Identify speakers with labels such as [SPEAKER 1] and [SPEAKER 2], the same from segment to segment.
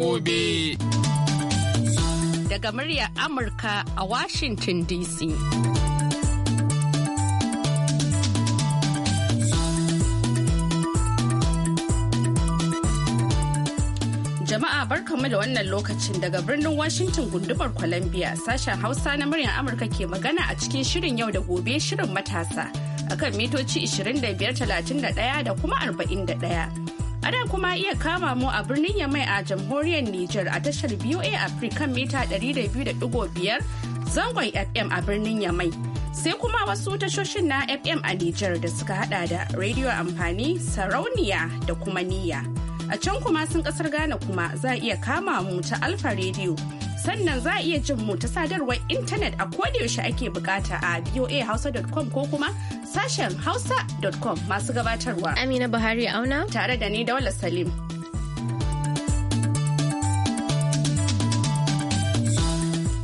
[SPEAKER 1] gobe.
[SPEAKER 2] Daga muryar Amurka a Washington DC. Jama'a barkamu da wannan lokacin daga birnin Washington gundumar Columbia sashen Hausa na muryar Amurka ke magana a cikin shirin yau da gobe shirin matasa akan mitoci 25, 31 da kuma 41. Ana kuma iya kama mu a birnin Yamai a jamhuriyar Nijar a tashar BOA Africa mita 200.5 zangon FM a birnin Yamai. Sai kuma wasu tashoshin na FM a Nijar da suka hada da rediyo amfani, sarauniya da kuma niyya. A can kuma sun kasar Ghana kuma za a iya kama mu ta Alfa Radio. Sannan za a iya jin mu ta sadarwar intanet a yaushe ake bukata a boahausa.com ko kuma sashen hausa.com masu gabatarwa. Amina Buhari auna. Tare da ni Daula Salim.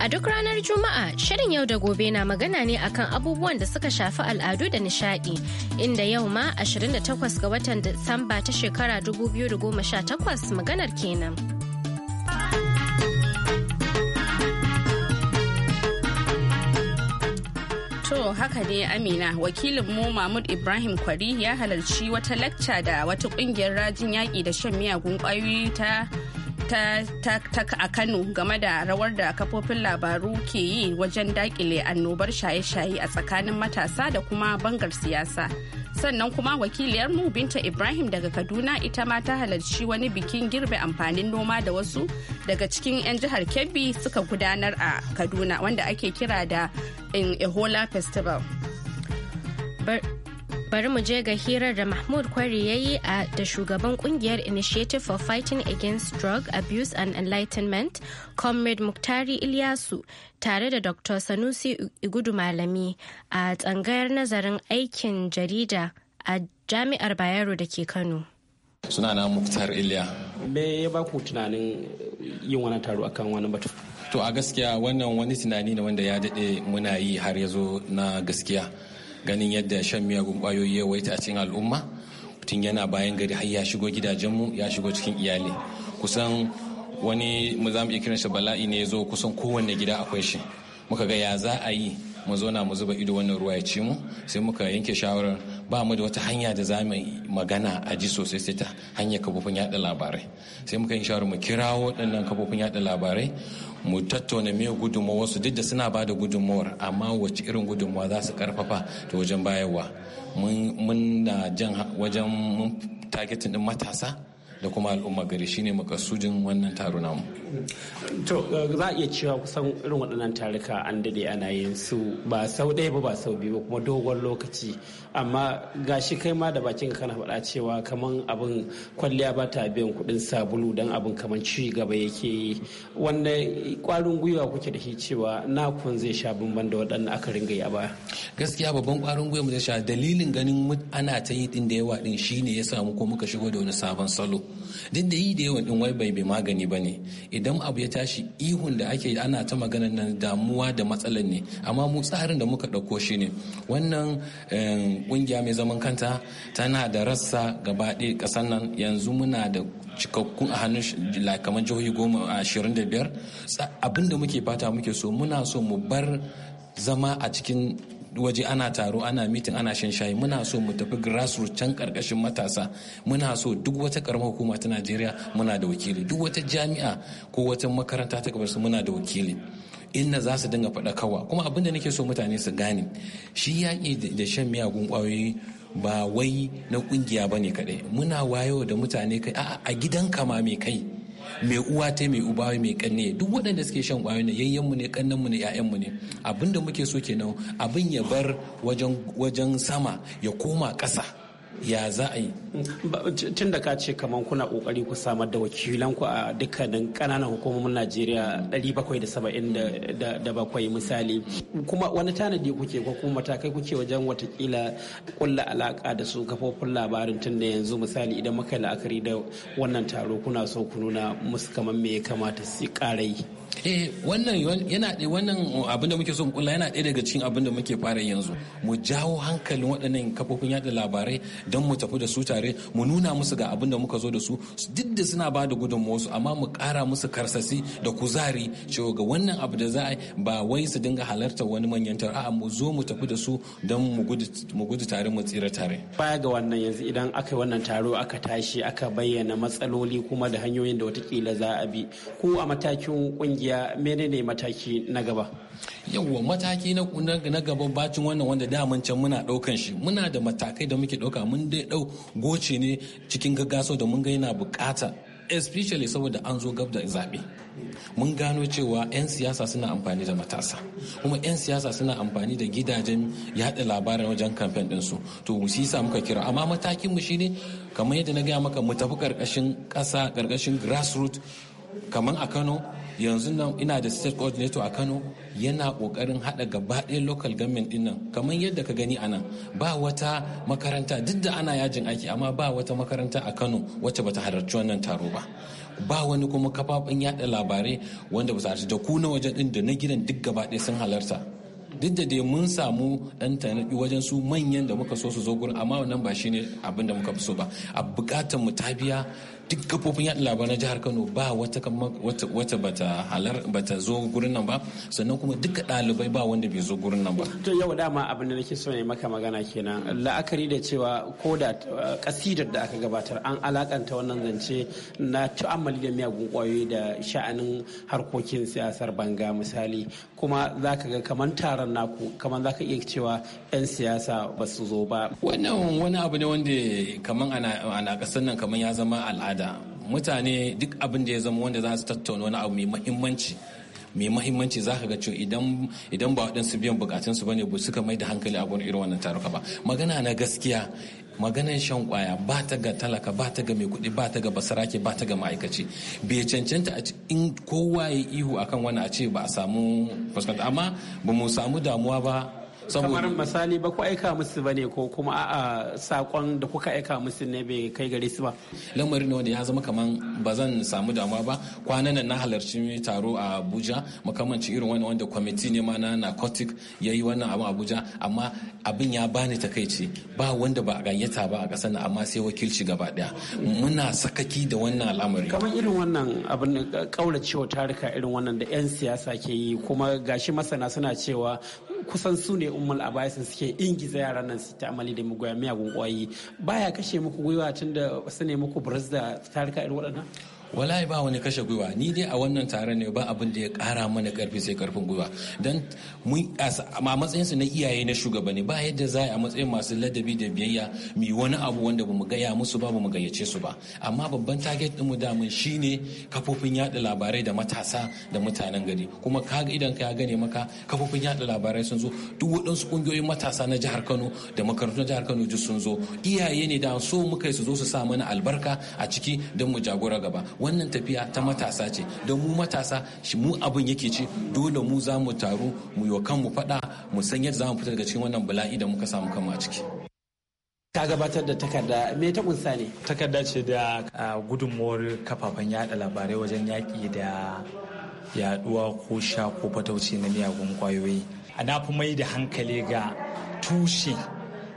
[SPEAKER 2] A duk ranar Juma'a, shirin yau da gobe na magana ne akan abubuwan da suka shafi al'adu da nishadi, inda yau ma 28 ga watan Disamba ta shekara 2018 maganar kenan. haka ne Amina wakilin mu Mahmud Ibrahim Kwari ya halarci wata lacca da wata kungiyar rajin yaƙi da shan miyagun ƙwayoyi ta ta, a Kano game da rawar da kafofin labaru ke yi wajen daƙile annobar shaye-shaye a tsakanin matasa da kuma bangar siyasa. sannan kuma wakiliyar mu binta ibrahim daga kaduna ita ma ta halarci wani bikin girbe amfanin noma da wasu daga cikin 'yan jihar kebbi suka gudanar a kaduna wanda ake kira da ehola festival bari mu je ga hirar da mahmud kwari ya yi da shugaban kungiyar initiative for fighting against drug abuse and enlightenment comrade muktari ilyasu tare da dr sanusi igudu malami a tsangayar nazarin aikin jarida a jami'ar bayero da ke kano
[SPEAKER 3] suna na muktar iliya me ya ba ku tunanin yin wani taro akan wani batu to a gaskiya wannan wani tunani ne wanda ya daɗe muna yi har ya zo na gaskiya ganin yadda shan miyagun kwayoyi ya waita a cikin al'umma mutum yana bayan gari har ya shigo gidajenmu ya shigo cikin iyali kusan wani mu za mu iya kiran shi bala'i ne ya zo kusan kowanne gida akwai shi muka ga ya za a yi mu zauna mu zuba ido wannan ruwa ya ci mu sai muka yanke shawarar ba mu da wata hanya da za mu magana a ji sosai sai ta hanyar kafofin yada labarai sai muka yi shawarar mu kira waɗannan kafofin yaɗa labarai mu tattauna me gudunmawar su duk da suna ba da gudunmawar amma wacce irin gudummawa za su karfafa ta wajen bayarwa mun na jan wajen targetin din matasa da kuma al'umma gari shine makasudin wannan taro namu
[SPEAKER 4] to za a iya cewa kusan irin waɗannan taruka an dade ana yin su ba sau ɗaya ba ba sau biyu ba kuma dogon lokaci amma gashi kai ma da bakin kana faɗa cewa kaman abin kwalliya ba ta biyan kuɗin sabulu don abin kaman ci gaba yake yi wanda kwarin gwiwa kuke da shi cewa kun zai sha bamban da waɗanda aka
[SPEAKER 3] ringa yi a gaskiya babban kwarin gwiwa da sha dalilin ganin ana ta yi din da yawa din shine ya samu ko muka shigo da wani sabon salo duk da yi da yawan din wai bai bai magani ba ne idan abu ya tashi ihun da ake ana ta maganar nan damuwa da matsalar ne amma mu tsarin da muka ɗauko shi ne wannan eh, kungiya mai zaman kanta tana da rassa gaba ɗaya ƙasar nan yanzu muna da cikakkun a hannun kamar jihohi goma ashirin da biyar abinda muke fata muke so muna so mu bar zama a cikin waje ana taro ana mitin ana shan shayi muna so mu tafi grassroots can karkashin matasa muna so duk wata karamar hukuma ta najeriya muna da wakili duk wata jami'a ko wata makaranta ta gabar muna da wakili inna za su dinga faɗa kawa kuma abin da nake so mutane su gane shi yaƙi da shan miyagun ƙwayoyi ba wai na ƙungiya ba ne kaɗai muna wayo da mutane kai a gidan kama mai kai mai uwa ta mai uba mai kanne duk waɗanda suke shan ƙwayoyi ne yayyanmu ne kannanmu ne mu ne abin da muke so kenan abin ya bar wajen sama ya koma ƙasa ya za a
[SPEAKER 4] yi tun da ka ce kamar kuna kokari ku samar da wakilanku a dukkanin kananan hukumomin najeriya 777 misali kuma wani tanadi kuke ko kuma matakai kuke wajen watakila kulla alaka da su kafofin labarin tun da yanzu misali idan muka yi la'akari da wannan taro kuna so ku nuna musu kamar me ya kamata
[SPEAKER 3] su karai eh wannan yana ɗaya wannan abin da muke so mu kula yana ɗaya daga cikin abin da muke fara yanzu mu jawo hankalin waɗannan kafofin yada labarai don mu tafi da su tare mu nuna musu ga abin da muka zo da su duk da suna ba da su amma mu ƙara musu karsasi da kuzari cewa ga wannan abu da za a ba wai su dinga halartar wani manyantar a'a mu zo mu tafi da su don mu gudu tare mu tsira tare baya ga wannan yanzu idan
[SPEAKER 4] aka yi wannan taro aka tashi aka bayyana matsaloli kuma da hanyoyin da watakila za a bi
[SPEAKER 3] ko a matakin ƙungiya. ya menene mataki na gaba yawwa mataki na gaba bacin wannan wanda daman can muna daukan shi muna da matakai da muke dauka mun dai dau goce ne cikin gaggaso da mun ga yana bukata especially saboda an zo gab da zabe mun gano cewa 'yan siyasa suna amfani da matasa kuma 'yan siyasa suna amfani da gidajen yada labarin wajen kamfen ɗinsu to shi muka kira amma matakin mu shine kamar yadda na gaya maka mu tafi ƙarƙashin ƙasa karkashin grassroots kamar a kano yanzu nan ina da state coordinator a kano yana kokarin hada gaba ɗaya local government din nan kamar yadda ka gani anan ba wata makaranta duk da ana yajin aiki amma ba wata makaranta a kano wacce bata halarci wannan taro ba ba wani kuma kafafen yada labarai wanda ba su da ku na wajen din da na gidan duk gaba ɗaya sun halarta duk da dai mun samu dan tanadi wajen su manyan da muka so su zo gurin amma wannan ba shine abin da muka fi so ba a bukatar mu ta biya duk kafofin yaɗa labaran jihar kano ba wata wata bata halar bata zo gurin nan ba sannan kuma duka ɗalibai ba wanda bai zo gurin nan ba to yau dama abin da nake
[SPEAKER 4] so ne maka magana kenan la'akari da cewa ko da kasidar eh, da aka gabatar an alakanta wannan zance na tu'ammali da miyagun kwayoyi da sha'anin harkokin siyasar banga misali kuma za ka ga kamar taron naku kamar za ka iya cewa 'yan siyasa ba su zo ba
[SPEAKER 3] wannan wani abu ne wanda kamar ana kasar nan kamar ya zama al'ada mutane duk abin da ya zama wanda za su tattauna wani abu mai mahimmanci mai mahimmanci za ka ga cewa idan ba waɗansu biyan bukatunsu ba ne suka mai da hankali a gurin irin wannan taruka ba magana na gaskiya Maganar shan kwaya ba ta ga talaka ba ta ga mai kuɗi ba ta ga basarake ba ta ga ma'aikaci bai cancanta a in kowa ya ihu akan wani a ce ba a samu fuskanta amma ba mu samu damuwa ba kamar misali ba ku aika musu ba ne ko kuma a'a sakon da kuka aika musu ne bai kai gare su ba lamarin wanda ya zama kamar ba zan samu damuwa ba kwanan nan na halarci taro a abuja makamanci irin wani wanda kwamiti ne ma na narcotic ya yi wannan abu abuja amma abin ya bani takaici ba wanda ba a gayyata ba a kasar amma sai wakilci gaba daya muna sakaki da wannan al'amari kamar irin wannan abin kaulacewa
[SPEAKER 4] tarika irin wannan da 'yan siyasa ke yi kuma gashi masana suna cewa kusan su ne ummul abaisin suke ingiza yaran nan su ta amali da miyagun kwayi baya kashe muku gwiwa tun da su ne muku buras da tarika irin waɗannan
[SPEAKER 3] wallahi ba wani kashe gwiwa ni dai a wannan taron ne ba abin da ya kara mana karfi sai karfin gwiwa don a matsayinsu na iyaye na shugabanni ba yadda za a matsayin masu ladabi da biyayya mu wani abu wanda bamu gaya musu ba bamu gayyace su ba amma babban target da damun shine kafofin yada labarai da matasa da mutanen gari kuma kaga idan ka gane maka kafofin yada labarai sun zo duk waɗansu ƙungiyoyin matasa na jihar Kano da makarantu na jihar Kano duk sun zo iyaye ne da so muka su zo su sa mana albarka a ciki don mu jagora gaba wannan tafiya ta matasa ce don mu matasa shi mu abin yake ce dole mu za mu taru mu yi mu faɗa mu san yadda za mu fita daga cikin wannan bala'i da muka samu kama a ciki. ta gabatar da takarda me ta
[SPEAKER 4] kunsa ne
[SPEAKER 5] takarda ce da gudunmuwar kafafen yada labarai wajen yaki da yaduwa ko sha ko fatauci na miyagun kwayoyi ana fi mai da hankali ga tushe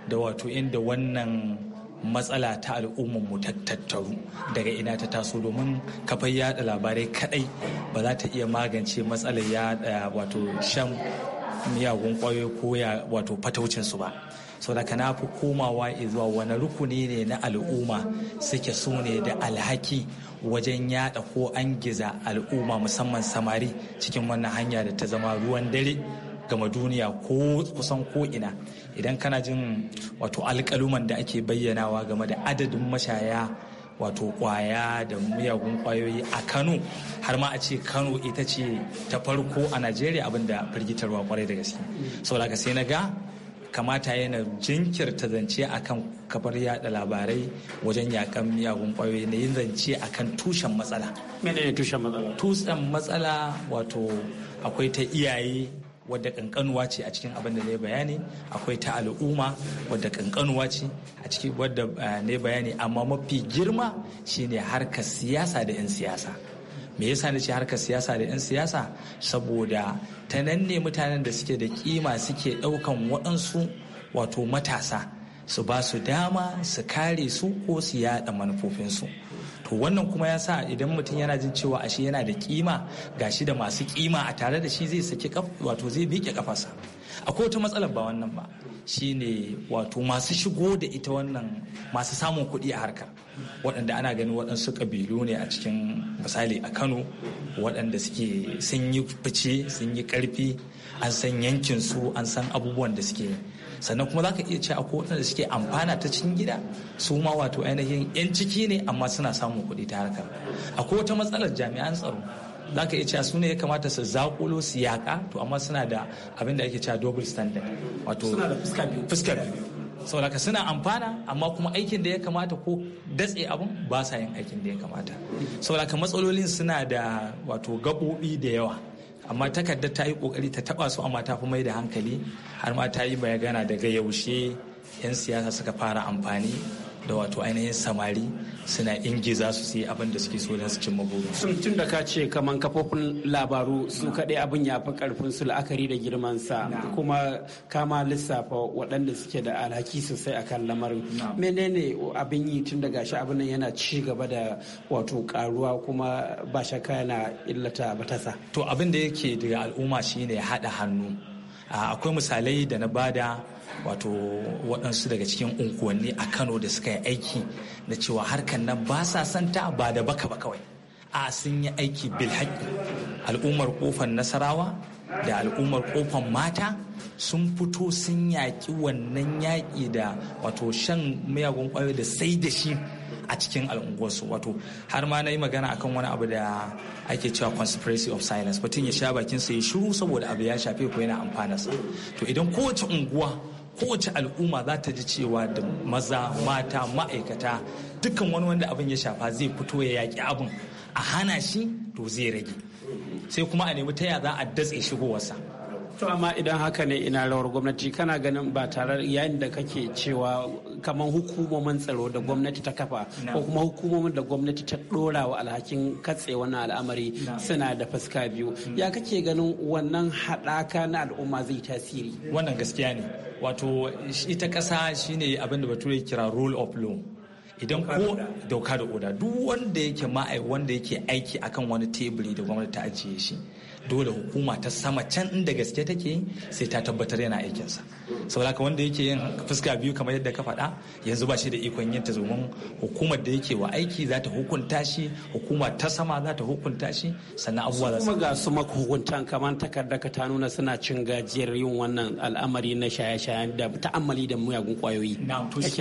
[SPEAKER 5] da wato inda wannan matsala ta al'ummar mu ta tattaru daga ina ta taso domin kafar yada labarai kadai ba za ta iya magance matsalar yaɗa wato shan miyagun kwayoyi ko ya wato fataucin su ba sau da na fi komawa zuwa wani rukuni ne na al'umma suke so ne da alhaki wajen yada ko an giza al'umma musamman samari cikin wannan hanya da ta zama ruwan dare gama duniya ko kusan ko ina idan kana jin wato alƙaluman da ake bayyanawa game da adadin mashaya wato kwaya da miyagun kwayoyi a kano har ma a ce kano ita ce ta farko a najeriya abinda firgitarwa kwarai da gaske saboda sai na ga kamata yana jinkirta zance akan kafar yada labarai wajen yakan miyagun kwayoyi na yin zance akan tushen tushen matsala? Tushen matsala wato akwai ta iyaye wadda kankanuwa ce a cikin abin da na bayani akwai ta al'umma wadda kankanuwa ce a cikin wadda eh, na bayani amma mafi girma shine harkar siyasa da 'yan siyasa me yasa na ce harkar siyasa da 'yan siyasa saboda ta nan ne mutanen da suke da kima suke ɗaukan waɗansu wato matasa su ba su dama su kare su ko su yada manufofinsu. to wannan kuma ya sa idan mutum yana jin cewa ashe yana da kima gashi da masu kima a tare da shi zai saki wato zai miƙe kafarsa akwai wata matsalar ba wannan ba shine wato masu shigo da ita wannan masu samun kuɗi a harka waɗanda ana ganin waɗansu ƙabilu ne a cikin misali a kano waɗanda suke sun yi fice sun yi ƙarfi an san yankinsu an san abubuwan da suke sannan kuma za ka iya ce akwai waɗanda suke amfana ta cikin gida su ma wato ainihin 'yan ciki ne amma suna samun kuɗi ta harkar akwai wata matsalar jami'an tsaro za ka iya cewa su ne ya kamata su zakulo su yaƙa to amma suna da abin da ake cewa double standard wato fuska biyu saboda ka suna amfana amma kuma aikin da ya kamata ko datse abin ba sa yin aikin da ya kamata saboda ka matsalolin suna da wato gaɓoɓi da yawa amma takardar ta yi kokari ta taba su amma ta fi mai da hankali har ma ta yi bayagana daga yaushe 'yan siyasa suka fara amfani da wato ainihin
[SPEAKER 4] samari suna ingiza su su yi abin da suke so don su cimma buru. sun tun da ka ce kaman kafofin labaru su kaɗai abin ya fi karfin su la'akari da girman sa kuma kama lissafa waɗanda suke da alhaki sosai a kan lamarin menene abin yi tun da gashi abin yana ci gaba da wato karuwa kuma ba shakka yana illata matasa
[SPEAKER 5] to abin da yake daga al'umma shine haɗa hannu akwai misalai da na bada wato waɗansu daga cikin unguwanni a kano da suka yi aiki da cewa harkar nan ba sa santa ba da baka ba kawai a sun yi aiki bilhaƙi al'ummar kofar nasarawa da al'ummar kofar mata sun fito sun yaƙi wannan yaƙi da wato shan miyagun kwayo da sai da shi a cikin al'unguwarsu wato har ma na yi magana akan wani abu da ake cewa conspiracy of silence mutum ya sha bakin sa ya shiru saboda abu ya shafe ko yana amfana sa to idan kowace unguwa kowace al'umma za ta ji cewa da maza mata ma'aikata dukkan wani wanda abin ya shafa zai fito ya yaƙi abin a hana shi to zai rage
[SPEAKER 4] sai kuma a nemi taya za a datse shigowarsa to amma idan haka ne ina rawar gwamnati kana ganin ba tare yayin da kake cewa kamar hukumomin tsaro da gwamnati ta kafa ko kuma hukumomin da gwamnati ta dora wa alhakin katse wannan al'amari suna da fuska biyu hmm. ya kake ganin wannan haɗaka na al'umma zai tasiri wannan gaskiya ne
[SPEAKER 5] wato ita ƙasa shine abin da bature kira rule of law idan ko doka da oda duk wanda yake ma'ai wanda yake aiki akan wani teburi da gwamnati ta ajiye shi dole hukuma ta sama can inda gaske take sai ta tabbatar yana aikinsa saboda wanda yake yin fuska biyu kamar yadda ka faɗa yanzu ba shi da ikon yin ta zomin
[SPEAKER 4] hukumar da yake wa aiki za ta hukunta shi hukuma ta sama za ta hukunta shi sannan abubuwa za su kuma ga su maka hukuntan kamar takarda ka ta nuna suna cin gajiyar yin wannan al'amari na shaye-shaye da ta'ammali da muyagun kwayoyi na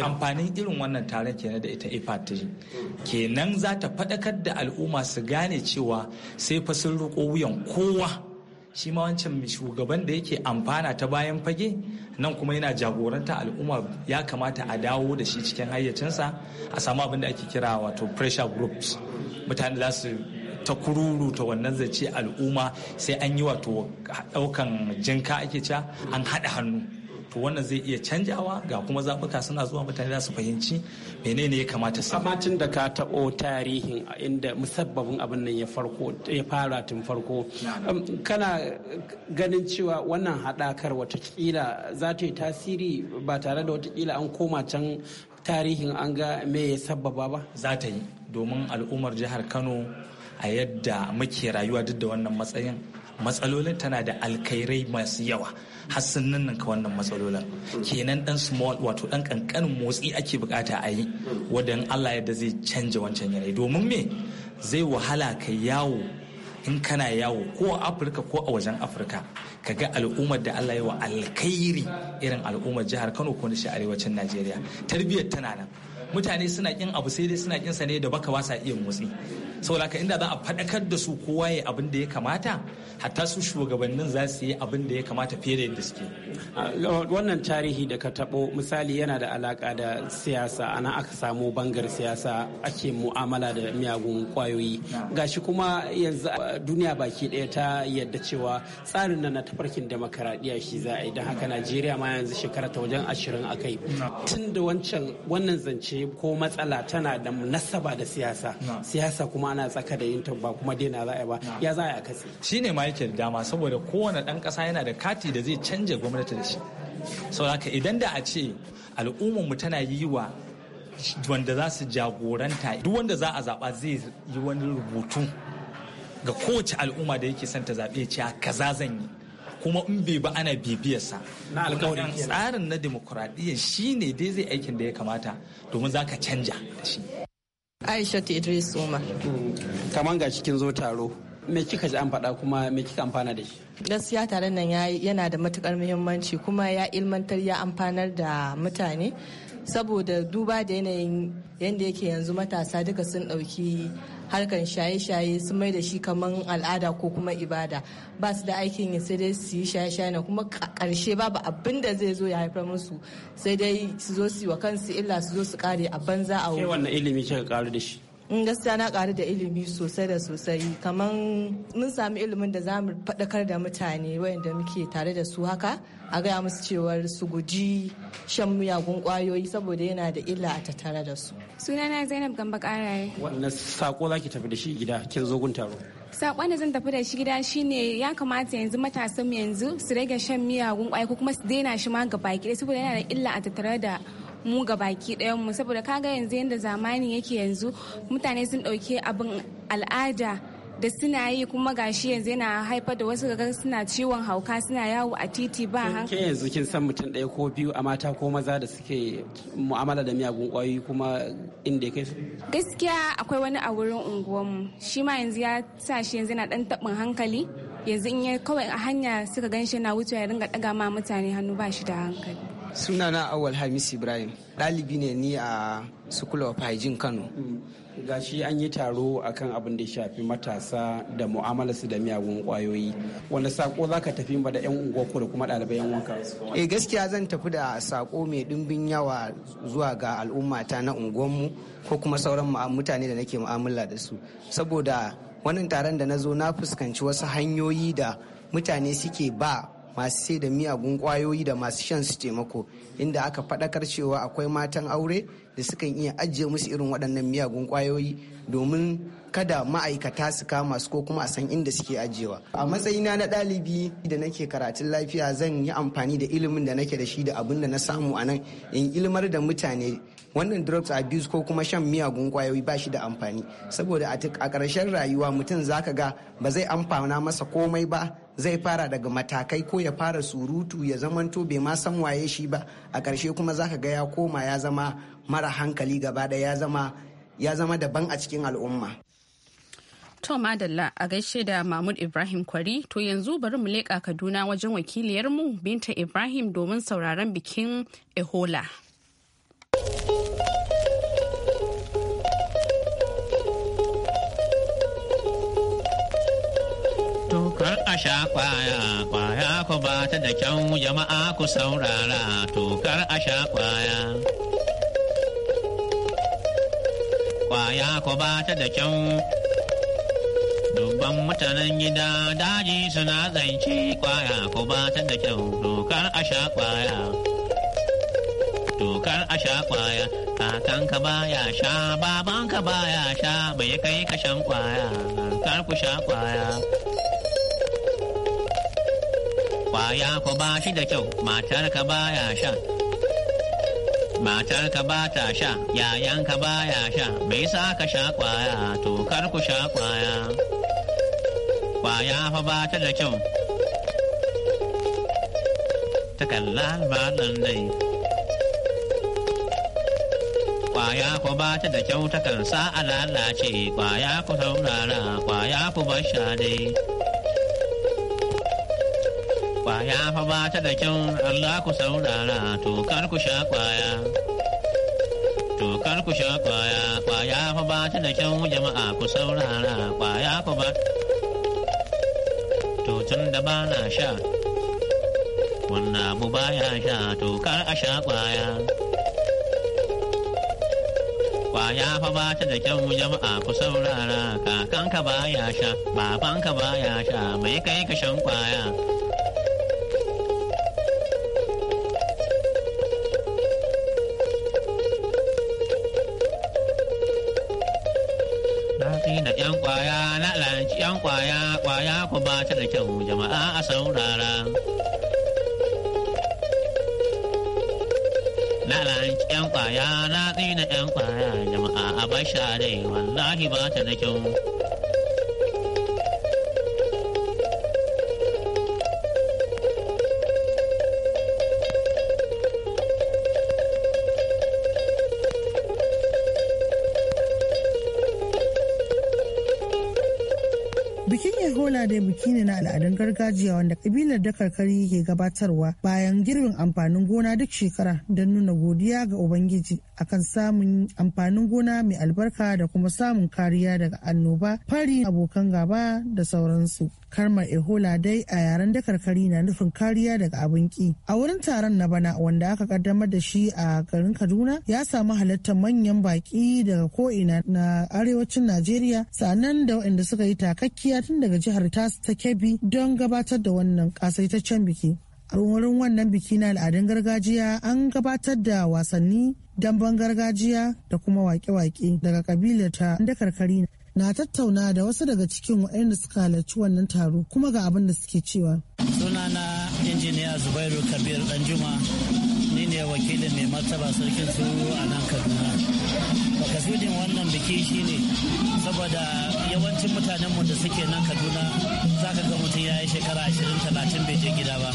[SPEAKER 4] amfanin irin wannan taron kenan da ita
[SPEAKER 5] ifa ta kenan za ta faɗakar da al'umma su gane cewa sai fa sun roƙo wuyan kowa kowa shi ma wancan shugaban da yake amfana ta bayan fage nan kuma yana jagoranta al'umma ya kamata a dawo da shi cikin hayyacinsa a samu abin da ake kira wato pressure groups mutane za su ta ta wannan zace al'umma sai an yi wato daukan jinka ake ca an haɗa hannu
[SPEAKER 4] to wannan zai iya canjawa ga kuma zaɓuka suna zuwa mutane za su fahimci menene ya kamata su amma da ka taɓo tarihin inda musabbabin abin nan ya farko ya fara tun farko um, kana ganin cewa wannan haɗakar watakila za ta yi tasiri ba tare da watakila an koma can tarihin an ga me ya sabbaba ba za ta yi domin al'ummar jihar kano
[SPEAKER 5] a yadda muke rayuwa duk da wannan matsayin matsalolin tana da alkairai masu yawa har sun nan ka wannan matsalolin kenan dan small wato dan kankanin motsi ake bukata a yi wadan Allah yadda zai canja wancan yanayi domin me zai wahala ka yawo in kana yawo ko a afirka ko a wajen afirka ka ga al'ummar da allah ya wa alkhairi irin al'ummar jihar kano ko shi arewacin najeriya tarbiyyar tana nan mutane suna kin abu sai dai suna kin sa ne da baka ba iya motsi saboda haka inda za a faɗakar da su kowa ya abin
[SPEAKER 4] da ya kamata hatta su shugabannin za su yi abin da ya kamata fiye da yadda suke wannan tarihi da ka taɓo misali yana da alaka da siyasa ana aka samu bangar siyasa ake mu'amala da miyagun kwayoyi gashi kuma yanzu duniya baki ɗaya ta yadda cewa tsarin na tafarkin demokaradiyya shi za a yi don haka najeriya ma yanzu shekara ta wajen ashirin a kai tun da wannan zance ko matsala tana da nasaba da siyasa siyasa kuma kuma ana tsaka da yin ba kuma daina za a ba ya za a yi a katse ma yake da dama saboda kowane ɗan ƙasa yana da kati da zai canja gwamnati da shi
[SPEAKER 5] saboda idan da a ce al'ummar mu tana yi wa wanda za su jagoranta duk wanda za a zaba zai yi wani rubutu ga kowace al'umma da yake son ta zaɓe ce a kaza zan yi kuma in bai ba ana bibiyarsa na alkawarin tsarin na demokuraɗiyya shine dai zai aikin da ya kamata domin za ka canja da
[SPEAKER 4] shi
[SPEAKER 6] aisha idris Soma.
[SPEAKER 4] kaman ga cikin zo taro me kika ji an faɗa kuma me kika amfana da shi
[SPEAKER 6] gaskiya taron nan yana da matukar muhimmanci kuma ya ilmantar ya amfanar da mutane saboda duba da yanayin yadda yake yanzu matasa duka sun ɗauki harkan shaye-shaye sun mai da shi kamar al'ada ko kuma ibada ba su da aikin yi sai dai su yi shaye-shaye na kuma karshe babu abin da zai zo ya haifar musu sai dai su zo su yi wa kansu illa su zo su kare a banza a wuri. wanne
[SPEAKER 4] ilimi kika karu da shi?
[SPEAKER 6] in gaskiya na karu da ilimi sosai da sosai kamar mun sami ilimin da za mu faɗakar da mutane wayanda muke tare da su haka a gaya musu cewar su guji shan miyagun kwayoyi saboda yana da illa a tattara da su sunana
[SPEAKER 2] zainab gamba karaye
[SPEAKER 4] wannan sako ki tafi da shi gida kin zo gun taro
[SPEAKER 2] Saƙon da zan tafi da shi gida shine ya kamata yanzu matasan yanzu su rage shan miyagun kwayoyi ko kuma su daina shi ma gaba ki saboda yana da illa a tattara da mu ga baki ɗayan mu saboda kaga yanzu yanda zamani yake yanzu mutane sun ɗauki abin al'ada da suna yi kuma gashi yanzu yana haifar da wasu gaggar suna ciwon hauka suna yawo a titi ba hankali.
[SPEAKER 4] yanzu kin san mutum ɗaya ko biyu a mata ko maza da suke mu'amala da miyagun ƙwayoyi kuma inda ya
[SPEAKER 1] kai su?
[SPEAKER 2] Gaskiya akwai wani a wurin unguwanmu shi ma yanzu ya sa shi yanzu yana ɗan taɓin hankali yanzu in ya kawai a hanya suka gan shi na wuce ya ringa ɗaga ma mutane hannu ba shi da
[SPEAKER 7] hankali.
[SPEAKER 8] sunana awal hamis ibrahim ɗalibi ne ni a school of hygiene
[SPEAKER 4] kano mm. gashi an yi taro akan abin da ya shafi matasa da mu'amalarsu da miyagun kwayoyi wanda sako za ka tafi ba da 'yan unguwarku da kuma ɗalibai 'yan wanka eh
[SPEAKER 8] gaskiya zan tafi da sako mai ɗimbin yawa zuwa ga al'ummata na unguwarmu ko kuma sauran mutane da nake mu'amala da su saboda wannan taron da na zo na fuskanci wasu hanyoyi da mutane suke ba masu sai da miyagun kwayoyi da masu shan su taimako inda aka faɗakar cewa akwai matan aure da sukan iya ajiye musu irin waɗannan miyagun kwayoyi domin kada ma'aikata su kama su ko kuma a san inda suke ajiyewa a matsayina na ɗalibi da nake karatun lafiya zan yi amfani da ilimin da nake da shi da abin da na samu a nan in ilmar da mutane wannan drugs abuse ko kuma shan miyagun kwayoyi ba shi da amfani saboda a ƙarshen rayuwa mutum zaka ga ba zai amfana masa komai ba zai fara daga matakai ko ya fara surutu ya zamanto bai ma san waye shi ba a ƙarshe kuma zaka ga ya koma ya zama mara hankali gaba da ya zama ya zama daban a cikin al'umma
[SPEAKER 2] Tom Adalla a gaishe da Mahmud Ibrahim Kwari to yanzu bari mu leƙa Kaduna wajen wakiliyar mu Binta Ibrahim domin sauraron bikin Ehola.
[SPEAKER 1] Kar a sha kwaya, kwaya ku ba ta da kyau jama'a ku saurara, to kar a sha kwaya. Kwaya ku ba ta da kyau. Dubban mutanen gida daji suna zance kwaya ku ba ta da kyau, dokar a sha kwaya. Dokar a sha kwaya, kakanka ba ya sha, babanka ba ya sha, bai kai kashan kwaya, kar ku sha kwaya. kwaya ku ba shi da kyau matar ka baya sha matar ka ba ta sha yayan ka baya sha bai sa ka sha kwaya to kar ku sha kwaya kwaya fa ba ta da kyau ta kalla malam dai kwaya ku ba ta da kyau ta kan sa lalace kwaya ku saurara kwaya ku bar sha dai Kwaya fa ba ta da kyau Allah ku saurara kar ku sha kwaya. kar ku sha kwaya, kwaya fa ba ta da kyau jama'a ku saurara kwaya fa ba. To tun da ba na sha, wannan mu ba ya sha kar a sha kwaya. Kwaya fa ba ta da kyau jama'a ku saurara kakanka ba ya sha, babanka ba ya sha, mai kai ka shan kwaya. yan kwaya kwaya ku ba ta da kyau jama'a a saurara. na Lalan yan kwaya na tsina yan kwaya jama'a a basha dai wallahi ba ta da kyau.
[SPEAKER 9] very biki ne na al'adun gargajiya wanda kabilar da karkari ke gabatarwa bayan girbin amfanin gona duk shekara don nuna godiya ga ubangiji akan samun amfanin gona mai albarka da kuma samun kariya daga annoba fari abokan gaba da sauransu karmar ehola dai a yaren da karkari na nufin kariya daga abin ki a wurin taron na bana wanda aka kaddamar da shi a garin kaduna ya samu halartar manyan baki daga ko'ina na arewacin najeriya sannan da waɗanda suka yi takakkiya tun daga jihar tas ta Kebbi don gabatar da wannan kasaitaccen biki. A wurin wannan biki na al'adun gargajiya an gabatar da wasanni, damben gargajiya da kuma waƙe-waƙe daga kabilar ta da karkari na tattauna da wasu daga cikin waɗanda suka halarci wannan taro kuma ga abin da suke cewa.
[SPEAKER 10] Sunana injiniya Zubairu Kabir Danjuma ni ne wakilin mai martaba sarkin su a nan Kaduna. makasudin wannan biki shine saboda yawancin mutanen mu da suke nan kaduna za ka ga mutum ya yi shekara ashirin talatin bai je gida ba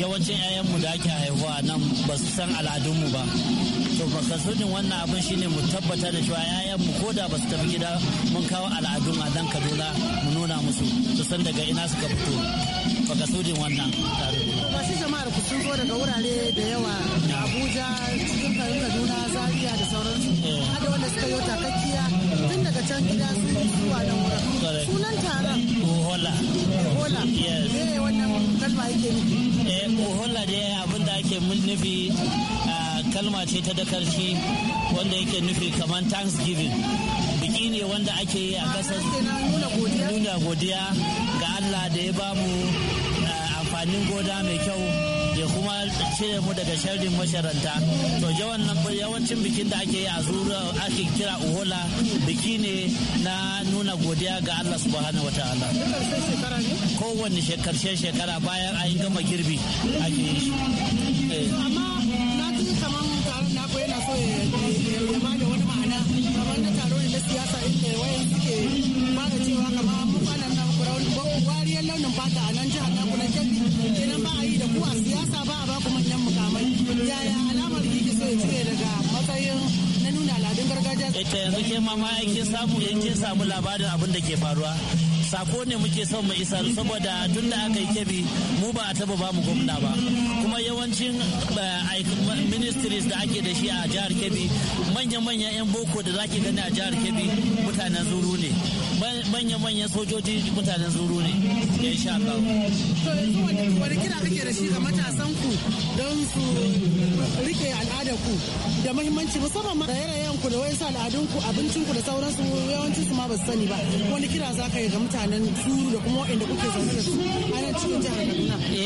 [SPEAKER 10] yawancin mu da ake haihuwa nan ba su san al'adunmu ba to makasudin wannan abin shine mu tabbata da cewa mu ko da ba su tafi gida mun kawo al'adun a nan kaduna mu nuna musu su san daga ina suka fito makasudin wannan tare.
[SPEAKER 11] Masu jama'ar ku sun zo daga wurare da yawa Abuja cikin Kaduna Zaria da sauran suka yi wata kakkiya tun daga can gida su zuwa na wurin sunan taron
[SPEAKER 10] ohola ohola ne wannan kalma yake nufi eh ohola dai abin da ake nufi kalma ce ta da karshe wanda yake nufi kamar thanksgiving biki ne wanda ake yi a kasar ah, nuna godiya ga allah da ya bamu amfanin goda mai kyau ya kuma cire mu daga sharrin masharanta to yawancin bikin da ake yi a zura ake kira uhola biki ne na nuna godiya ga Allah subhanahu wataala kowanne shekarshen shekara bayan an gama girbi ake
[SPEAKER 11] yi siyasa inda wayan a nan jihar ta yanzu ke
[SPEAKER 10] ma ake samu ke samu labarin abin da ke faruwa sako ne muke son mu isa saboda tun da aka yi kebi mu ba a taba bamu gwamna ba kuma yawancin eh, ministries da ake da shi a jihar kebi manya-manyan 'yan boko da zaki gani a jihar kebi mutanen zuru ne manya-manyan sojoji mutanen zuru ne
[SPEAKER 11] ya sha kawo. To yanzu wani kira kake da shi ga matasan ku don su rike al'adar ku da muhimmanci musamman ma raye-rayen ku da sa al'adun ku abincin ku da sauransu yawancin su ma ba su sani ba wani kira za ka yi ga mutanen zuru da kuma waɗanda kuke zaune da su a nan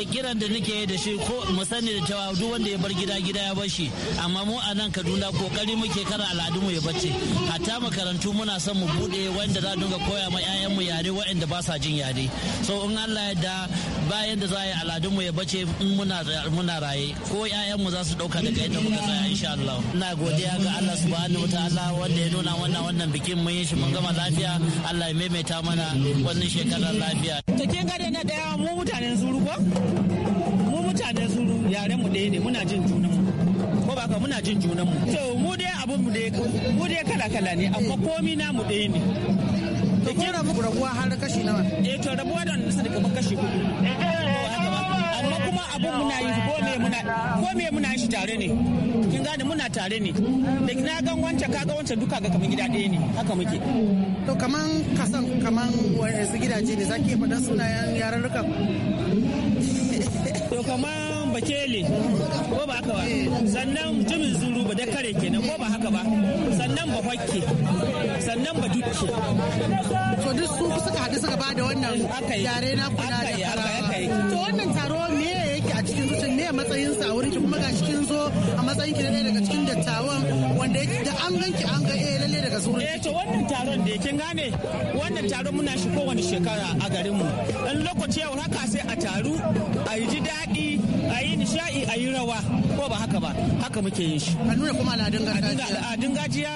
[SPEAKER 10] kiran da nake da shi ko mu sani da cewa duk wanda ya bar gida gida ya bar shi amma mu a nan Kaduna kokari muke kara al'adun mu ya bace hatta makarantu muna son mu bude wanda za dinga koya ma yayan mu yare waɗanda ba sa jin yare so in Allah ya da bayan da za a yi al'adun mu ya bace in muna muna raye ko yayan mu za su dauka daga yadda muka tsaya insha Allah ina godiya ga Allah subhanahu wataala wanda ya nuna wannan wannan bikin mun yi shi mun gama lafiya Allah ya maimaita mana wannan shekarar lafiya to
[SPEAKER 6] kin na da mu mutanen zuru ko mu mutane su yare mu ɗaya ne muna jin junan mu ko ba ka muna jin junan mu to mu dai abun mu dai mu dai kala kala ne amma komi na mu ɗaya ne to ko rabu rabuwa har kashi nawa eh to rabuwa da nasu da kamar kashi kudu amma kuma abun muna yi ko me muna ko me muna shi tare ne kin gane muna tare ne da na ga wancan ka ga wancan duka ga kaman gida
[SPEAKER 11] ɗaya ne haka muke to kaman kasan kaman wani su gidaje ne zaki faɗa sunayen yararrukan to kama bakele ko
[SPEAKER 6] ba haka ba sannan jimin zuru ba dakare kenan ko ba haka ba sannan ba hakke sannan ba dukke
[SPEAKER 11] to duk su suka hadu suka ba da wannan yare na kula da to wannan taro me yake a cikin zuciya matsayinsa a wurin ki kuma ga kin zo a matsayin ki na daga cikin dattawan wanda da an ganki an ga eh lalle daga zuwa.
[SPEAKER 6] eh to wannan taron da yake gane wannan taron muna shi kowane shekara a garinmu dan lokaci yau haka sai a taru a yi ji daɗi a yi nishaɗi a yi rawa ko ba haka ba haka muke yin shi a nuna kuma al'adun gargajiya al'adun gajiya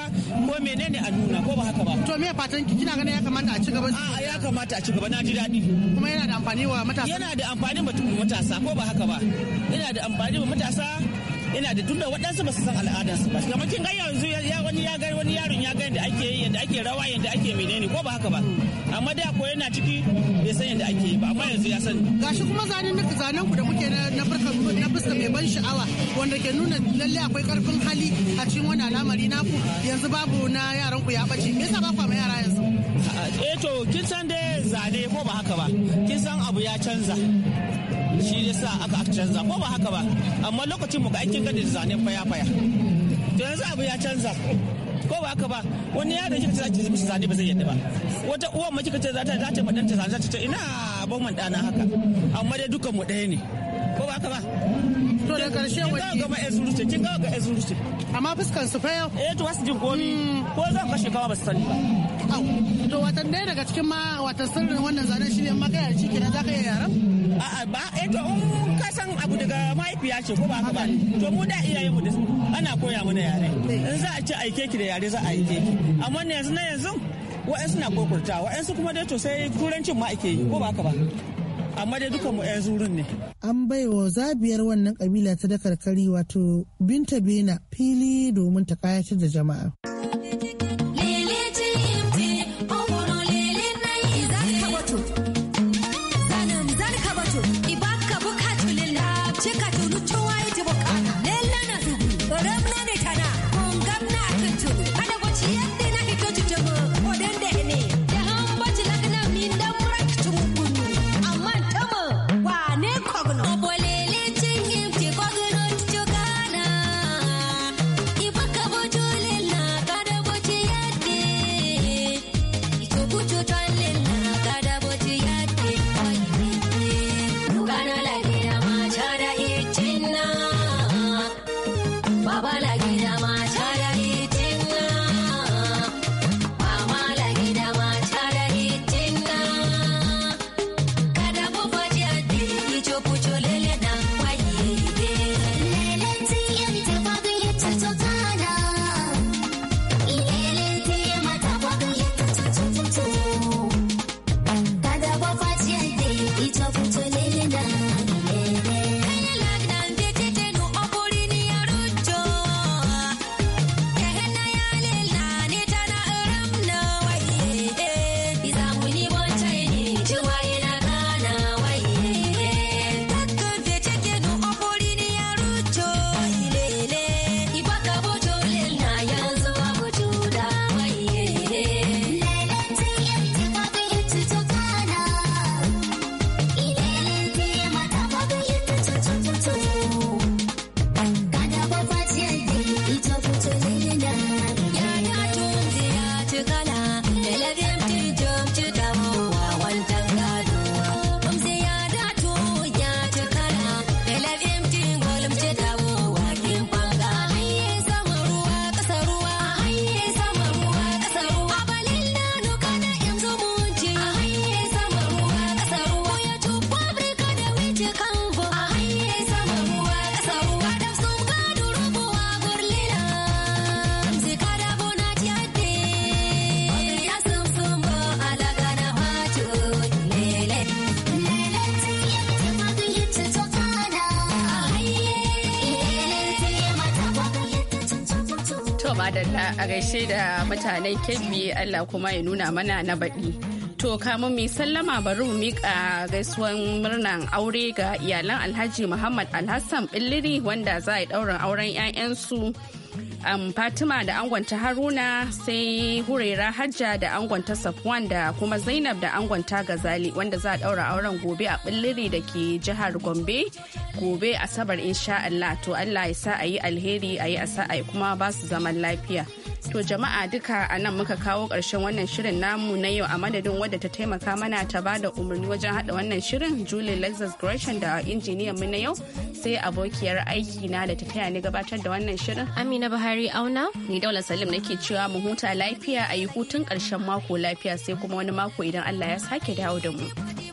[SPEAKER 6] ko menene a nuna ko ba haka ba to me fatan ki kina ganin ya kamata a ci gaba a ya kamata a ci gaba na ji daɗi kuma yana da amfani wa matasa yana da amfani mutum matasa ko ba haka ba yana da amfani wa matasa ina da tunda waɗansu ba su san al'adarsu ba kamar kin ga yanzu ya wani ya ga wani yaron ya ga da ake yi yadda ake rawa yadda ake menene ko ba haka ba amma da ko yana ciki bai san yadda ake
[SPEAKER 11] yi ba amma yanzu ya san gashi kuma zanen da zanen ku da muke na fuska na fuska mai ban sha'awa wanda ke nuna lalle akwai karfin hali a cikin wani al'amari na ku yanzu babu na yaran ku ya bace me yasa ba ku ma yara yanzu
[SPEAKER 6] eh to kin san dai zane ko ba haka ba kin san abu ya canza shi sa aka canza ko ba haka ba amma lokacin mu ga aikin gadi da zane faya faya to yanzu abu ya canza ko ba haka ba wani yaro kika ce zaki mishi zane ba zai yadda ba wata uwa ma kika ce za ta za ta madanta zane ta ce ina ban man dana haka amma dai dukan mu ɗaya ne ko ba haka ba to da karshe wani kin ga ma yan surutu kin ga ga yan zuruce amma fuskan su fa yau eh to wasu jin komi hmm. ko zan kashe kawa ba su sani ba
[SPEAKER 11] au to watan ɗaya daga cikin ma watan sirrin wannan zanen shi ne makaya da cikin da za ka iya yaran a'a ba
[SPEAKER 6] eh to in ka san abu daga mahaifiya ce ko ba haka ba to mu da iyaye mu da ana koya mana yare in za a ci aike ki da yare za a aike ki amma ne yanzu na yanzu wa'ansu na kokurta wa'ansu kuma dai to sai turancin ma ake yi ko ba ka ba amma dai dukan mu 'yan zurin ne.
[SPEAKER 9] An bai wa zabiyar wannan kabila ta da karkari wato Binta Bena fili domin ta kayatar da jama'a.
[SPEAKER 2] a gaishe da mutanen kebbi Allah kuma ya nuna mana na baɗi. To kamun mai sallama bari mu miƙa gaisuwan murnan aure ga iyalan Alhaji Muhammad Alhassan Billiri wanda za a yi ɗaurin auren 'ya'yansu. um, Fatima da angonta Haruna sai Hurera Hajja da angonta Safwan da kuma Zainab da angonta Gazali wanda za a daura auren gobe a Billiri da ke jihar Gombe gobe Asabar insha Allah to Allah ya sa a yi alheri a yi a kuma ba su zaman lafiya. To jama'a duka a nan muka kawo ƙarshen wannan shirin namu na yau a madadin wadda ta taimaka mana ta ba da umarni wajen haɗa wannan shirin Julie Lexus Gresham da injiniyan mu na yau sai abokiyar aiki na da ta taya ni gabatar da wannan shirin. Amina Buhari Auna. Ni Daula Salim nake cewa mu huta lafiya a yi hutun ƙarshen mako lafiya sai kuma wani mako idan Allah ya sake dawo da mu.